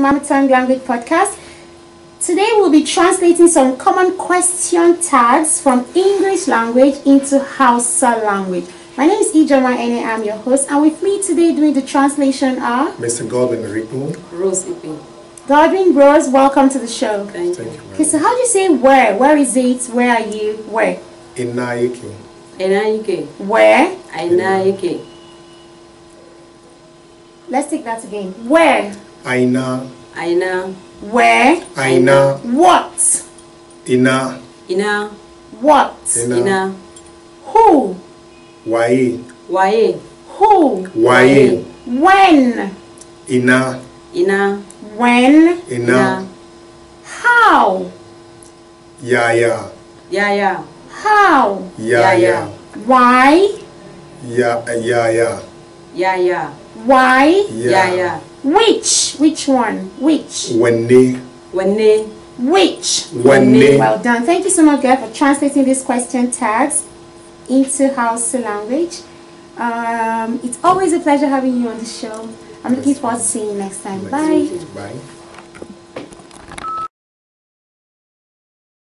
Mama Language Podcast. Today we'll be translating some common question tags from English language into Hausa language. My name is Ijoma and I'm your host, and with me today doing the translation are Mr. Godwin Ripo, Rose Ipin. Godwin Rose, welcome to the show. Thank you. Thank you okay, so how do you say where? Where is it? Where are you? Where? In Inayike. Where? Inayike. Let's take that again. Where? Aina Aina. Where? Aina. What? Ina. Ina. What? Ina. Ina. Who? Waye. Waye. Who? Waye. When? Ina. Ina. When? Ina. Ina. How? Yaya. Yaya. How? Yaya. Why? Yaya. Yeah, yeah. Why? Yeah, yeah. Which? Which one? Which? When? Wene. Which? Wene. Well done. Thank you so much, girl, for translating these question tags into Hausa language. Um, it's always a pleasure having you on the show. I'm looking forward to seeing you next time. Bye. Bye.